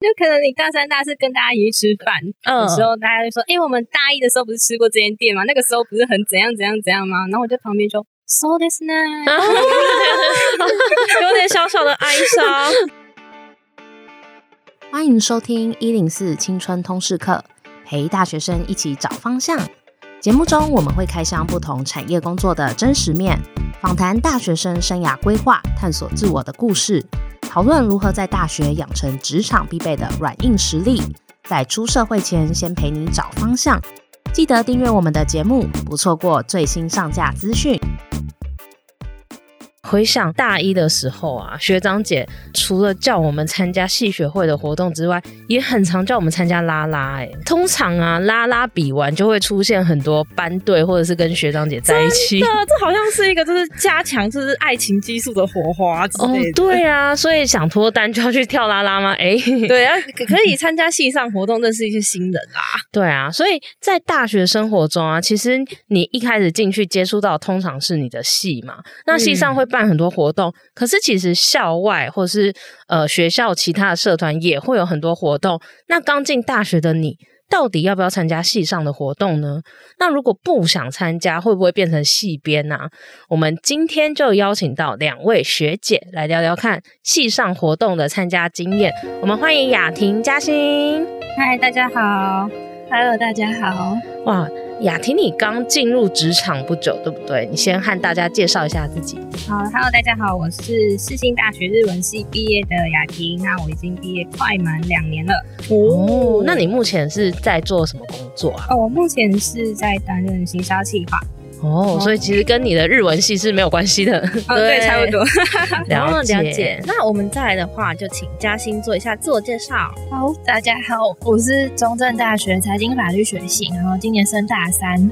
就可能你大三大四跟大家一起吃飯、嗯、的時候，大家就說：“哎、欸，我們大一的時候不是吃過這間店嗎？那個時候不是很怎樣怎樣怎樣嗎？”然後我在旁邊就，有點 小小的哀傷。 歡迎收聽一零四青春通識課，陪大學生一起找方向。節目中，我們會開箱不同產業工作的真實面，訪談大學生生涯規劃、探索自我的故事，討論如何在大學養成職場必備的軟硬實力，在出社會前先陪你找方向。記得訂閱我們的節目，不錯過最新上架資訊。回想大一的時候啊，學長姐除了叫我們參加系學會的活動之外，也很常叫我們參加拉拉哎、欸。通常啊，拉拉比完就會出現很多班隊，或者是跟學長姐在一起。對，這好像是一個就是加強就是愛情激素的火花之類的。哦，對啊，所以想脫單就要去跳拉拉嗎？哎、欸，對啊， 可以參加系上活動，認識一些新人啦、啊。對啊，所以在大學生活中啊，其實你一開始進去接觸到通常是你的系嘛，那系上會辦很多活動，可是其實校外或是呃學校其他的社團也會有很多活動。那剛進大學的你，到底要不要參加系上的活動呢？那如果不想參加，會不會變成系邊呢？啊？我們今天就邀請到兩位學姐來聊聊看系上活動的參加經驗。我們歡迎雅婷、嘉欣。嗨，大家好。Hello，大家好。哇。雅婷，你剛進入職場不久，對不對？你先和大家介紹一下自己。好，哈嘍，Hello, 大家好，我是世新大學日文系畢業的雅婷。那我已經畢業快滿兩年了。哦，那你目前是在做什麼工作啊？哦，我目前是在擔任行銷企劃。哦，oh, oh, okay. 所以其實跟你的日文系是沒有關係的，對，差不多。然後 了解。那我們再來的話，就請嘉欣做一下自我介紹。好，oh, 大家好，我是中正大學財經法律學系，然後今年升大三。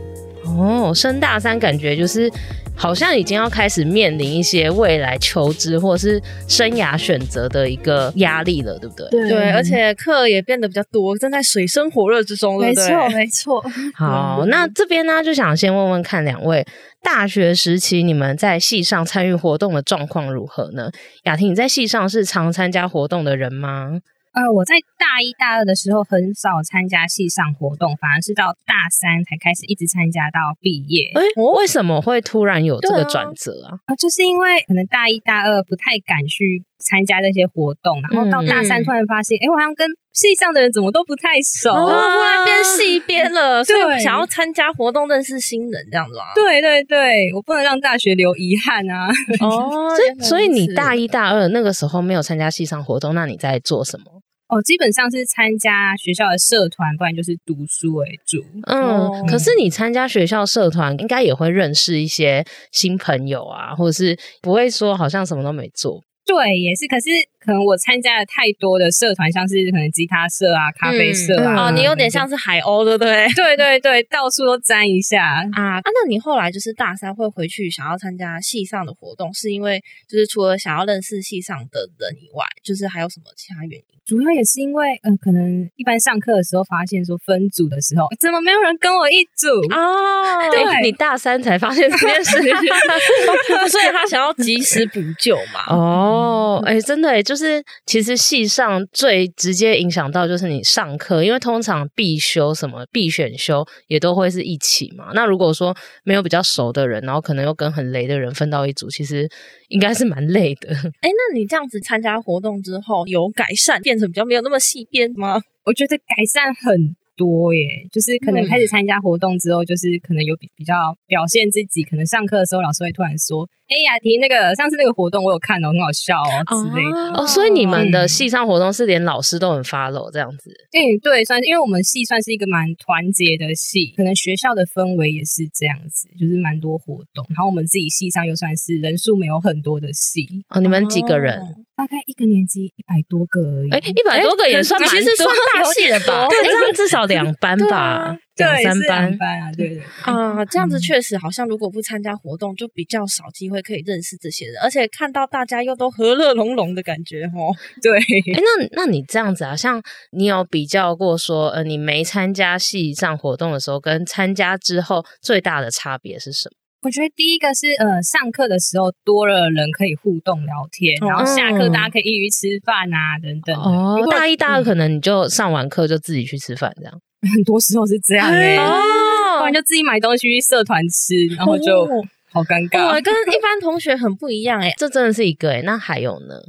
哦，升大三感覺就是好像已經要開始面臨一些未來求職或者是生涯選擇的一個壓力了，對不對？對,對，而且課也變得比較多，正在水深火熱之中對對沒錯，沒錯。好，嗯、那這邊呢，就想先問問看兩位，大學時期你們在系上參與活動的狀況如何呢？雅婷，你在系上是常參加活動的人嗎？呃，我在大一大二的時候很少參加系上活動，反而是到大三才開始一直參加到畢業。誒、欸，我為什麼會突然有這個轉折啊？啊、呃，就是因為可能大一大二不太敢去參加這些活動，然後到大三突然發現，誒、嗯嗯欸，我好像跟系上的人怎麼都不太熟、啊，突、啊、然變系邊了， 對所以我想要參加活動認識新人這樣子啊？對對對，我不能讓大學留遺憾啊！ 哦所以，所以你大一大二那個時候沒有參加系上活動，那你在做什麼？哦，基本上是參加學校的社團，不然就是讀書為主。嗯，嗯。可是你參加學校社團，應該也會認識一些新朋友啊，或者是不會說好像什麼都沒做。對，也是，可是。可能我參加了太多的社團，像是可能吉他社啊、咖啡社啊。哦、嗯嗯啊，你有點像是海鷗，對不對？對對對，到處都沾一下啊。啊，那你後來就是大三會回去想要參加系上的活動，是因為就是除了想要認識系上的人以外，就是還有什麼其他原因？主要也是因為，嗯、呃，可能一般上課的時候發現說分組的時候，怎麼沒有人跟我一組啊？哦、對、欸、你大三才發現這件事情。 所以他想要及時補救嘛？哦，哎、欸，真的、欸。就是其實系上最直接影響到就是你上課，因為通常必修什麼必選修也都會是一起嘛。那如果說沒有比較熟的人，然後可能又跟很雷的人分到一組，其實應該是蠻累的。哎對，那你這樣子參加活動之後有改善，變成比較沒有那麼系邊嗎？我覺得改善很多耶，就是可能開始參加活動之後，就是可能有比比較表現自己，可能上課的時候老師會突然說。哎呀，欸、雅婷，那個上次那個活動我有看哦，很好笑哦之類的。哦，所以你們的系上活動是連老師都很 follow 這樣子。嗯，對，算是因為我們系算是一個蠻團結的系，可能學校的氛圍也是這樣子，就是蠻多活動。然後我們自己系上又算是人數沒有很多的系。哦，你們幾個人？哦，大概一個年級一百多個而已。哎、欸，一百多個也算蠻多，欸、其實算大系了吧？但這樣至少兩班吧。三班對，三班啊，對對啊、呃，這樣子確實好像如果不參加活動，就比較少機會可以認識這些人，而且看到大家又都和樂融融的感覺哦。對，哎，那那你這樣子啊，像你有比較過說，呃，你沒參加系上活動的時候跟參加之後最大的差別是什麼？我覺得第一個是，呃，上課的時候多了人可以互動聊天，然後下課大家可以一起吃飯啊等等。哦，如果大一、大二可能你就上完課就自己去吃飯這樣。 很多時候是這樣哎、欸，突、哦、然就自己買東西去社團吃，然後就好尷尬、哦。跟一般同學很不一樣哎、欸， 這真的是一個哎、欸，那還有呢？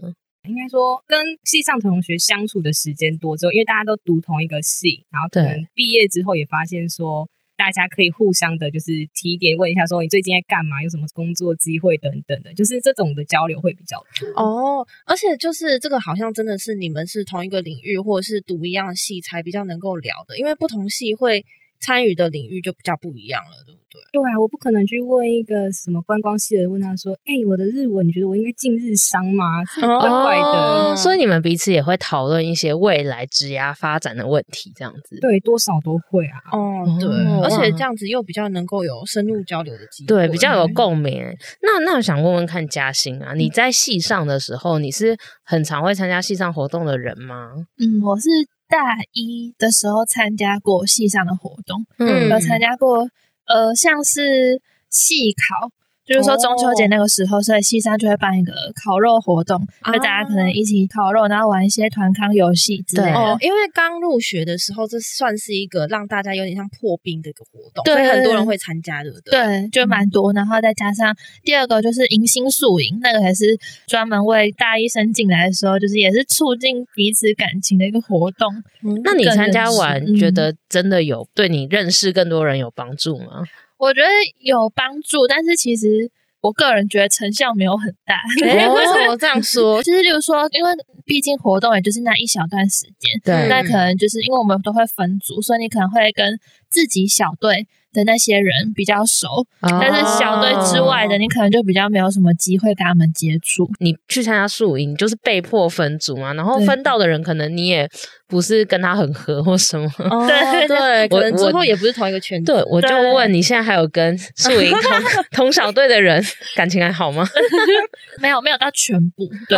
應該說跟系上同學相處的時間多之後，因為大家都讀同一個系，然後可能畢業之後也發現說。大家可以互相的，就是提點問一下，說你最近在幹嘛，有什麼工作機會等等的，就是這種的交流會比較多哦。而且就是這個，好像真的是你們是同一個領域或者是讀一樣系，才比較能夠聊的，因為不同系會。參與的領域就比較不一樣了，對不對？對啊，我不可能去問一個什麼觀光系的，問他說：“哎、欸，我的日文，你覺得我應該進日商嗎？”怪怪的，哦。所以你們彼此也會討論一些未來職押發展的問題，這樣子。對，多少都會啊。哦，對。啊、而且這樣子又比較能夠有深入交流的機。對，比較有共鳴。那那我想問問看嘉欣啊，嗯、你在戲上的時候，你是很常會參加戲上活動的人嗎？嗯，我是。大一的時候參加過系上的活動，嗯，有參加過呃，像是系考。就是說中秋節那個時候，所以系上就會辦一個烤肉活動，所、啊、大家可能一起烤肉，然後玩一些團康遊戲之類的對。哦，因為剛入學的時候，這算是一個讓大家有點像破冰的一個活動，對所以很多人會參加的。對，不對，對，就蠻多。然後再加上第二個就是迎新宿營，那個還是專門為大一生進來的時候，就是也是促進彼此感情的一個活動。嗯、那你參加完，覺得真的有、嗯、對你認識更多人有幫助嗎？我覺得有幫助，但是其實我個人覺得成效沒有很大。為什麼這樣說？ 就是，例如說，因為畢竟活動也就是那一小段時間，對，那可能就是因為我們都會分組，所以你可能會跟自己小隊的那些人比較熟，哦、但是小隊之外的你可能就比較沒有什麼機會跟他們接觸。你去參加宿營你就是被迫分組嘛，然後分到的人可能你也。不是跟他很合或什麼？對對，我們之後也不是同一個圈子。對，我就問你，現在還有跟素怡同小隊的人感情還好嗎？沒有，沒有到全部。對，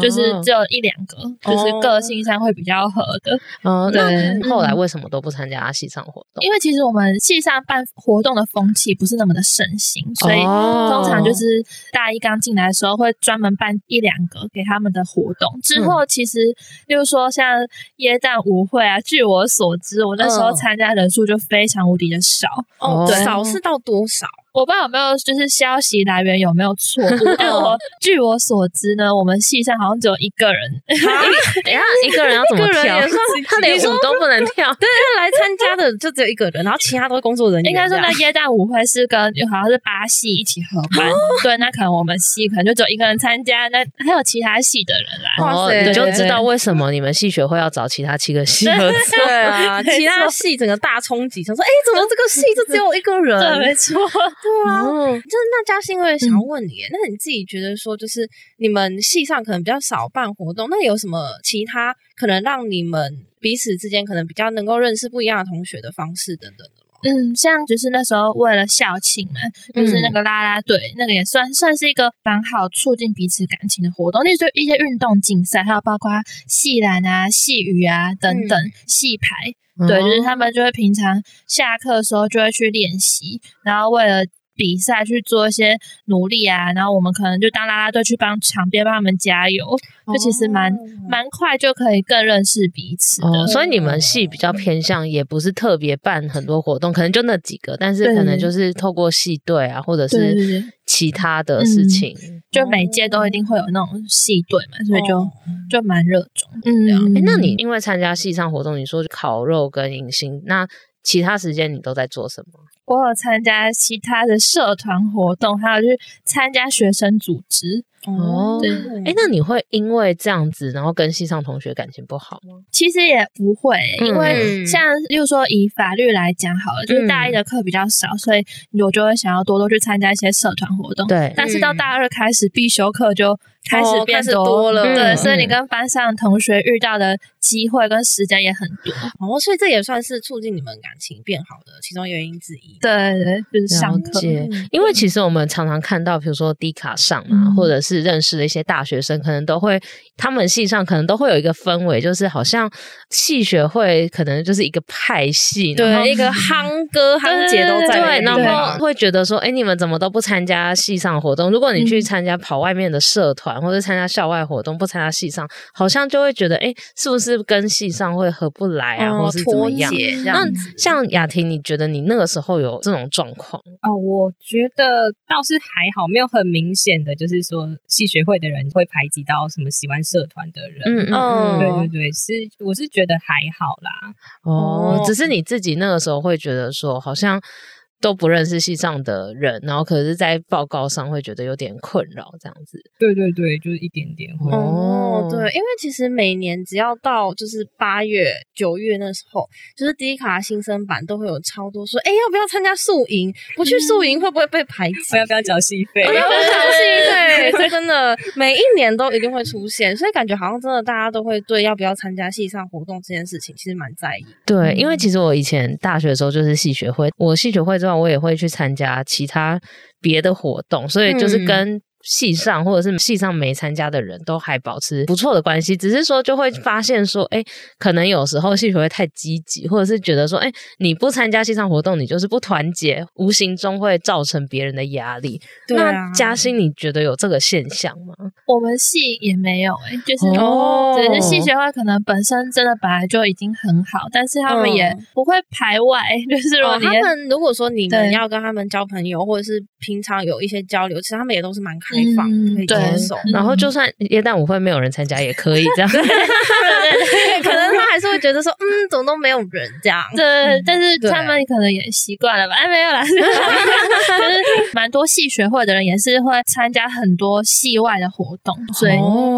就是只有一兩個，就是個性上會比較合的。嗯，對。後來為什麼都不參加系上活動？因為其實我們系上辦活動的風氣不是那麼的盛行，所以通常就是大一剛進來的時候會專門辦一兩個給他們的活動。之後其實就是說像。聖誕舞會啊，據我所知，我那時候參加人數就非常無敵的少、嗯、對哦，少是到多少？我不知道有沒有就是消息來源有沒有錯，但據我據我所知呢，我們系上好像只有一個人，然後一個人要怎麼跳？他連舞都不能跳。對，他來參加的就只有一個人，然後其他都是工作人員。應該說那耶誕舞會是跟好像是八系一起合辦，對，那可能我們系可能就只有一個人參加，那還有其他系的人來，哦，你就知道為什麼你們系學會要找其他七個系對，合作啊？其他系整個大衝擊，想說，哎，怎麼這個系就只有一個人？對，沒錯。對啊，真的，嗯，那嘉欣我也想問你，嗯、那你自己覺得說，就是你們系上可能比較少辦活動，那有什麼其他可能讓你們彼此之間可能比較能夠認識不一樣的同學的方式等等的嗎？嗯，像就是那時候為了校慶嘛，就是那個啦啦隊，嗯，那個也算算是一個蠻好促進彼此感情的活動。例如說一些運動競賽，還有包括系籃啊、系羽啊等等系、嗯、排。對，就是他們就會平常下課的時候就會去練習，然後為了比賽去做一些努力啊。然後我們可能就當啦啦隊去幫場邊幫他們加油。就其實蠻、哦、蠻快就可以更認識彼此。所以、哦、你們系比較偏向，也不是特別辦很多活動，可能就那幾個，但是可能就是透過系隊啊，對或者是。其他的事情，嗯、就每屆都一定會有那種系隊嘛，哦、所以就就蠻熱衷。嗯，這樣、欸，那你因為參加系上活動，你說烤肉跟迎新，那其他時間你都在做什麼？我有參加其他的社團活動，還有去參加學生組織。哦，哎、對，那你會因為這樣子，然後跟系上同學感情不好嗎？其實也不會，因為像，例如說以法律來講好了，嗯、就是大一的課比較少，所以我就會想要多多去參加一些社團活動。對，但是到大二開始、嗯、必修課就開始變多了，多了對，嗯、所以你跟班上同學遇到的機會跟時間也很多，然後、哦、所以這也算是促進你們感情變好的其中原因之一。對,對，對，就是上課。因為其實我們常常看到，比如說 D 卡上啊，嗯、或者是認識的一些大學生，可能都會他們系上可能都會有一個氛圍，就是好像系學會可能就是一個派系，對，然後一個夯哥對夯姐都在那，對，然後會覺得說，哎、欸，你們怎麼都不參加系上活動？如果你去參加跑外面的社團。嗯或者參加校外活動，不參加系上，好像就會覺得，哎、欸，是不是跟系上會合不來啊？哦、或是脫節這樣？那像雅婷，你覺得你那個時候有這種狀況？哦，我覺得倒是還好，沒有很明顯的，就是說，系學會的人會排擠到什麼喜歡社團的人。嗯，哦、對對對，是，我是覺得還好啦。哦，嗯、只是你自己那個時候會覺得說，好像。都不認識系上的人，然後可是，在報告上會覺得有點困擾，這樣子。對對對，就是一點點。哦，對，因為其實每年只要到就是八月、九月那時候，就是迪卡新生版都會有超多說，哎，要不要參加宿營？不去宿營會不會被排擠？嗯、要不要繳系費？嗯、 我要不要繳系費？這 真的每一年都一定會出現，所以感覺好像真的大家都會對要不要參加系上活動這件事情其實蠻在意。對，因為其實我以前大學的時候就是系學會，我系學會。那我也會去參加其他別的活動，所以就是跟、嗯。系上或者是系上沒參加的人都還保持不錯的關係，只是說就會發現說，哎、欸，可能有時候系學會太積極，或者是覺得說，哎、欸，你不參加系上活動，你就是不團結，無形中會造成別人的壓力。啊、那嘉欣，你覺得有這個現象嗎？我們系也沒有、欸，哎，就是哦，只、就是系學會可能本身真的本來就已經很好，但是他們也不會排外，嗯、就是說、哦、他們如果說你們要跟他們交朋友，對或者是平常有一些交流，其實他們也都是蠻看。嗯，對，然後就算耶誕舞會沒有人參加也可以、嗯、這樣。 可能他還是會覺得說，嗯，怎麼都沒有人這樣。對這，嗯、但是他們、啊、可能也習慣了，吧。哎，沒有啦。 就是蠻多系學會的人也是會參加很多系外的活動，所以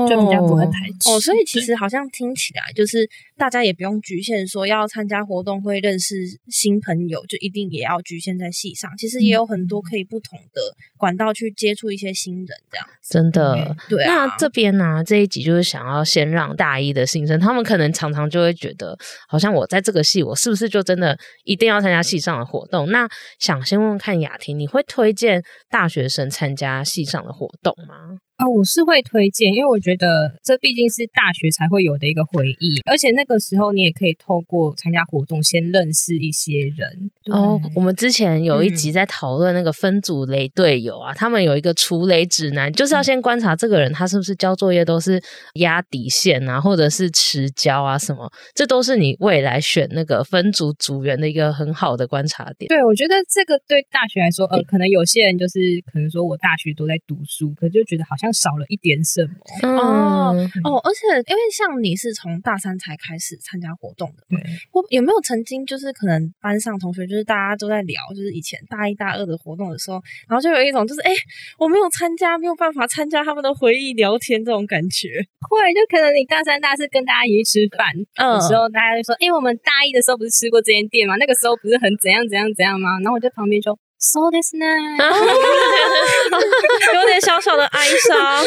就比較不會排斥、哦對哦。所以其實好像聽起來就是大家也不用局限說要參加活動會認識新朋友，就一定也要局限在系上。其實也有很多可以不同的管道去接觸一些新人，這樣真的。嗯、對、啊，那這邊呢、啊、這一集就是想要先讓大一的新生，他們可能。常常就會覺得，好像我在這個系，我是不是就真的一定要參加系上的活動？那想先問問看雅婷，你會推薦大學生參加系上的活動嗎？啊、哦，我是會推薦，因為我覺得這畢竟是大學才會有的一個回憶，而且那個時候你也可以透過參加活動先認識一些人。哦，我們之前有一集在討論那個分組雷隊友啊，嗯、他們有一個除雷指南，就是要先觀察這個人他是不是交作業都是壓底線啊，嗯、或者是遲交啊什麼，這都是你未來選那個分組組員的一個很好的觀察點。對，我覺得這個對大學來說，呃，可能有些人就是可能說我大學都在讀書，可就覺得好像。少了一點什麼哦、嗯、哦，而且因為像你是從大三才開始參加活動的，嗯、我有沒有曾經就是可能班上同學就是，大家都在聊，就是以前大一大二的活動的時候，然後就有一種就是哎、欸、我沒有參加，沒有辦法參加他們的回憶聊天這種感覺。會就可能你大三大四跟大家一起吃飯的、嗯、時候，大家就說哎、欸、我們大一的時候不是吃過這間店嗎？那個時候不是很怎樣怎樣怎樣嗎？然後我在旁邊就。そうですね。啊、 有點小小的哀傷。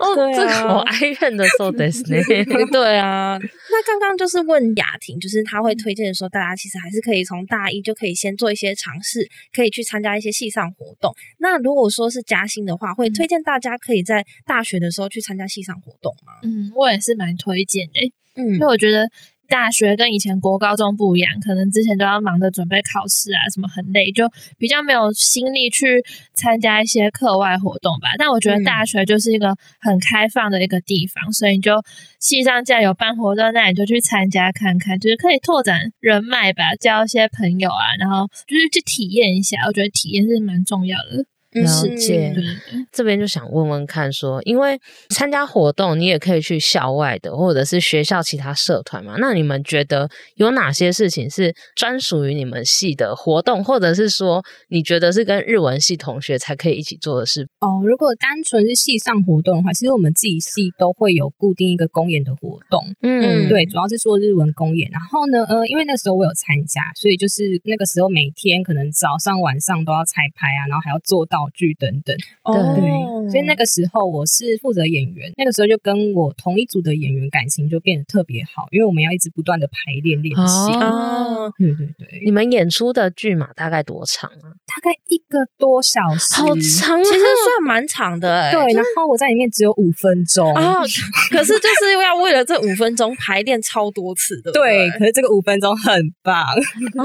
哦，這個我哀怨的そうですね。對啊，那剛剛就是問雅婷，就是她會推薦的時候大家其實還是可以從大一就可以先做一些嘗試，可以去參加一些系上活動。那如果說是嘉欣的話，會推薦大家可以在大學的時候去參加系上活動嗎？嗯，我也是蠻推薦的、欸、嗯，因為我覺得。大學跟以前國高中不一樣，可能之前都要忙着準備考試啊，什麼很累，就比較沒有心力去參加一些課外活動吧。但我覺得大學就是一個很開放的一個地方，嗯、所以你就系上既然有辦活動，那你就去參加看看，就是可以拓展人脈吧，交一些朋友啊，然後就是去體驗一下。我覺得體驗是蠻重要的。然後、嗯、這邊就想問問看說，說因為參加活動，你也可以去校外的，或者是學校其他社團嘛。那你們覺得有哪些事情，是專屬於你們系的活動，或者是說你覺得是跟日文系同學才可以一起做的事？哦，如果單純是系上活動的話，其實我們自己系都會有固定一個公演的活動。嗯，對，主要是做日文公演。然後呢，呃，因為那時候我有參加，所以就是那個時候每天可能早上晚上都要彩排啊，然後還要做到。劇等等，oh, 對，對，所以那個時候我是負責演員，那個時候就跟我同一組的演員感情就變得特別好，因為我們要一直不斷的排練練習哦。Oh, 對對對。你們演出的劇碼大概多長啊？大概一個多小時，好長，啊，其實算蠻長的，欸。對，就然後我在裡面只有五分鐘，oh, 可是就是要為了這五分鐘排練超多次的， 對。可是這個五分鐘很棒哦，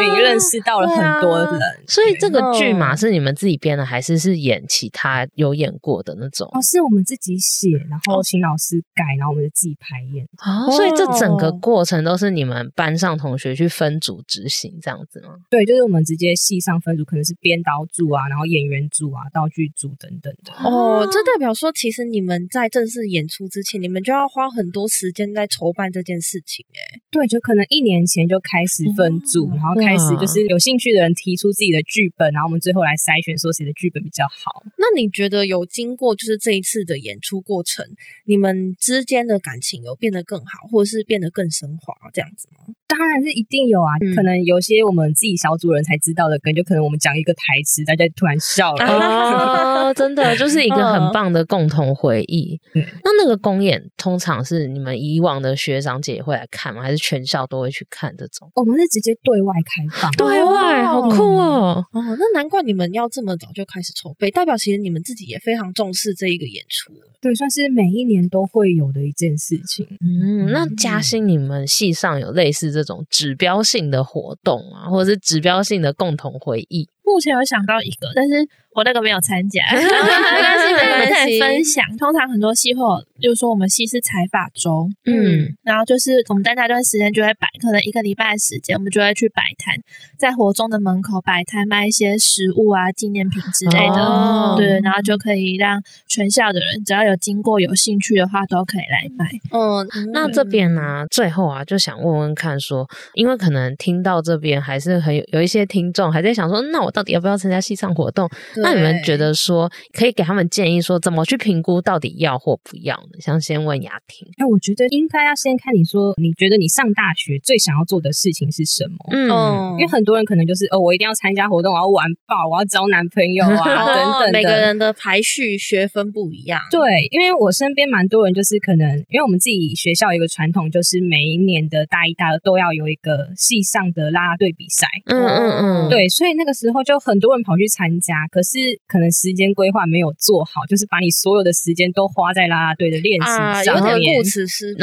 你、oh, 認識到了很多人，oh, 所以這個劇碼是你們自己編。還是是演其他有演過的那種？哦，是我們自己寫，然後請老師改，哦、然後我們就自己排演。哦、所以這整個過程都是你們班上同學去分組執行，這樣子嗎？對，就是我們直接系上分組，可能是編導組啊，然後演員組啊，道具組等等的。哦，這、哦、代表說，其實你們在正式演出之前，你們就要花很多時間在籌辦這件事情。哎，對，就可能一年前就開始分組，嗯、然後開始就是有興趣的人提出自己的劇本，嗯、然後我們最後來篩選說。的劇本比較好。那你覺得有經過就是這一次的演出過程，你們之間的感情有變得更好，或者是變得更升華這樣子嗎？當然是一定有啊，可能有些我們自己小組人才知道的梗，梗、嗯、就可能我們講一個台詞，大家突然笑了，哦、 真的就是一個很棒的共同回憶。哦、那那個公演通常是你們以往的學長姐也會來看嗎？還是全校都會去看這種？我們、哦、是直接對外開放，對外、啊哦、好酷哦。哦、嗯啊，那難怪你們要這麼早就開始籌備，代表其實你們自己也非常重視這一個演出了。對，算是每一年都會有的一件事情。嗯，嗯那嘉欣你們系上有類似這？這種指標性的活動啊，或者是指標性的共同回憶，目前我想到一個，但是我那個沒有參加。 對我們可以分享，通常很多系後，就是說我們系是財法週，嗯，然後就是我們在那段時間就會擺，可能一個禮拜的時間，我們就會去擺攤，在活動的門口擺攤賣一些食物啊、紀念品之類的，哦、對，然後就可以讓全校的人，只要有經過、有興趣的話，都可以來買。嗯，嗯嗯那這邊呢、啊，最後啊，就想問問看說，因為可能聽到這邊還是很有有一些聽眾還在想說，那我到底要不要參加系上活動？對那你們覺得說可以給他們介。建議說怎麼去評估到底要或不要呢？想先問雅婷。哎、呃，我覺得應該要先看你說，你覺得你上大學最想要做的事情是什麼？嗯，嗯，因為很多人可能就是哦，我一定要參加活動，我要玩爆，我要找男朋友啊，哦、等等。每個人的排序學分不一樣。對，因為我身邊蠻多人就是可能，因為我們自己學校有一個傳統，就是每一年的大一、大二都要有一個系上的啦啦隊比賽。嗯嗯嗯。嗯對，所以那個時候就很多人跑去參加，可是可能時間規劃沒有做好。好，就是把你所有的時間都花在啦啦隊的練習上，啊、然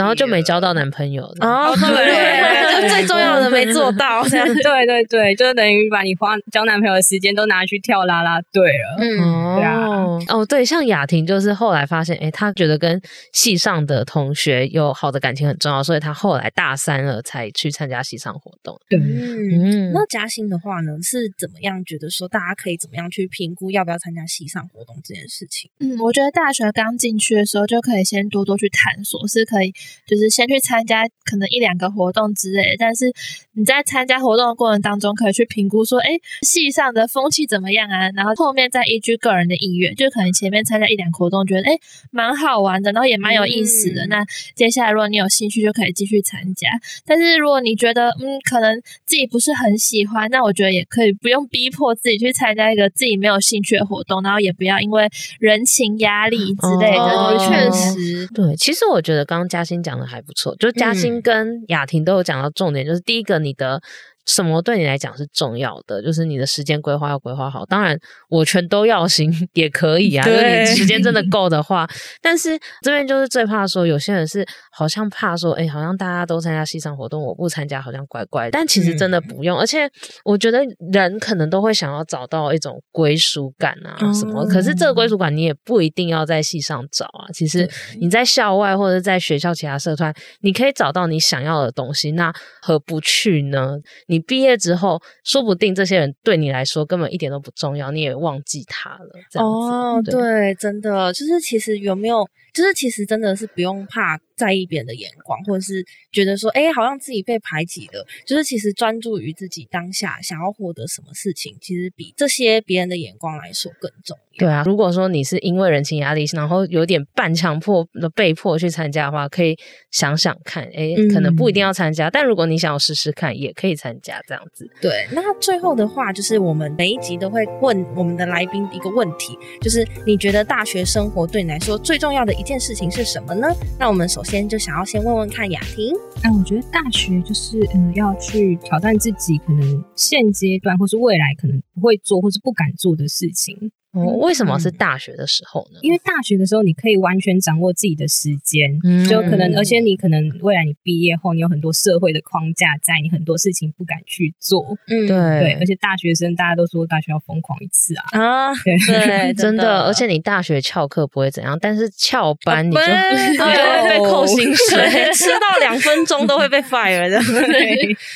後就沒交到男朋友。哦，對，就最重要的沒做到。對對對，對，就等於把你花交男朋友的時間都拿去跳啦啦隊了。嗯，對啊，哦，對，像雅婷就是後來發現，哎，她覺得跟系上的同學有好的感情很重要，所以她後來大三了才去參加系上活動。對，嗯，嗯，那嘉欣的話呢，是怎麼樣覺得說大家可以怎麼樣去評估要不要參加系上活動這件事情？嗯，我覺得大學剛進去的時候就可以先多多去探索，是可以就是先去參加可能一兩個活動之類的。但是你在參加活動的過程當中，可以去評估說，哎，系上的風氣怎麼樣啊？然後後面再依據個人的意願，就可能前面參加一兩個活動，覺得哎蠻好玩的，然後也蠻有意思的。嗯、那接下來如果你有興趣，就可以繼續參加。但是如果你覺得嗯，可能自己不是很喜歡，那我覺得也可以不用逼迫自己去參加一個自己沒有興趣的活動，然後也不要因為。人情壓力之類的，哦、就確實對。其實我覺得剛剛嘉欣講的還不錯，就嘉欣跟雅婷都有講到重點，嗯、就是第一個你的。什麼對你來講是重要的，就是你的時間規劃要規劃好。當然，我全都要行也可以啊，對你時間真的夠的話。但是這邊就是最怕說有些人是好像怕說，誒、欸，好像大家都參加戲上活動，我不參加好像怪怪。但其實真的不用，嗯、而且我覺得人可能都會想要找到一種歸屬感啊什麼。嗯、可是這個歸屬感你也不一定要在系上找啊，其實你在校外或者在學校其他社團，你可以找到你想要的東西，那何不去呢？你。你畢業之後，說不定這些人對你來說根本一點都不重要，你也忘記他了。哦，對，對，真的就是，其實有沒有，就是其實真的是不用怕在意別人的眼光，或者是覺得說，哎、欸，好像自己被排擠了，就是其實專注於自己當下想要獲得什麼事情，其實比這些別人的眼光來說更重要。對啊，如果說你是因為人情壓力，然後有點半強迫的被迫去參加的話，可以想想看，哎、欸，可能不一定要參加，嗯、但如果你想要試試看，也可以參加。這樣子，對。那最後的話，就是我們每一集都會問我們的來賓一個問題，就是你覺得大學生活對你來說最重要的一件事情是什麼呢？那我們首先就想要先問問看雅婷。哎、啊，我覺得大學就是，嗯、呃，要去挑戰自己，可能現階段或是未來可能不會做或是不敢做的事情。為什麼是大學的時候呢？因為大學的時候，你可以完全掌握自己的時間，就可能，而且你可能未來你畢業後，你有很多社會的框架在，你很多事情不敢去做。嗯，對，而且大學生大家都說大學要瘋狂一次啊啊，對，真的。而且你大學翹課不會怎樣，但是翹班你就會被扣薪水，遲到兩分鐘都會被 fire 的。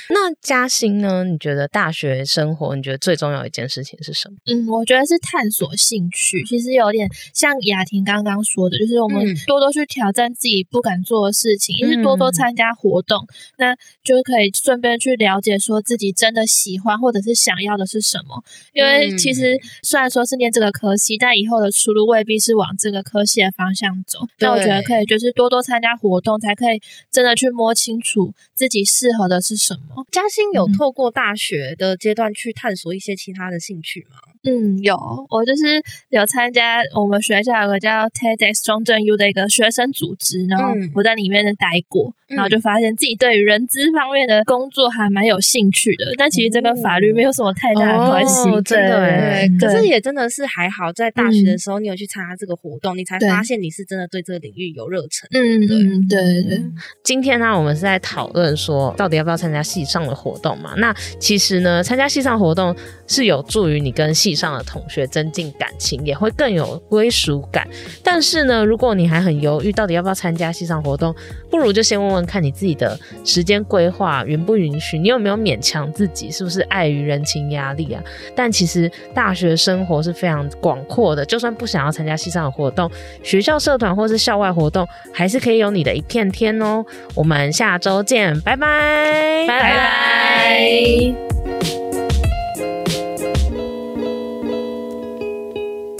那嘉欣呢？你覺得大學生活你覺得最重要一件事情是什麼？嗯，我覺得是探索。興趣其實有點像雅婷剛剛說的，就是我們多多去挑戰自己不敢做的事情，因為、嗯、多多參加活動，嗯、那就可以順便去了解說自己真的喜歡或者是想要的是什麼。因為其實雖然說是念這個科系，嗯、但以後的出路未必是往這個科系的方向走。對那我覺得可以就是多多參加活動，才可以真的去摸清楚自己適合的是什麼。嘉欣有透過大學的階段去探索一些其他的興趣嗎？嗯，有，我就是。是有參加我們學校有個叫 TEDx 中正 U 的一個學生組織，然後我在裡面待過，嗯、然後就發現自己對於人資方面的工作還蠻有興趣的，嗯、但其實這跟法律沒有什麼太大的關係。哦、對真的，對，可是也真的是還好，在大學的時候你有去參加這個活動，嗯、你才發現你是真的對這個領域有熱忱。嗯，對對對。對今天呢，我們是在討論說，到底要不要參加系上的活動嘛？那其實呢，參加系上活動。是有助於你跟系上的同學增進感情，也會更有歸屬感。但是呢，如果你還很猶豫，到底要不要參加系上活動，不如就先問問看你自己的時間規劃允不允許，你有沒有勉強自己，是不是礙於人情壓力啊？但其實大學生活是非常廣闊的，就算不想要參加系上的活動，學校社團或是校外活動，還是可以有你的一片天哦、喔。我們下週見，拜拜，拜拜 bye。Bye bye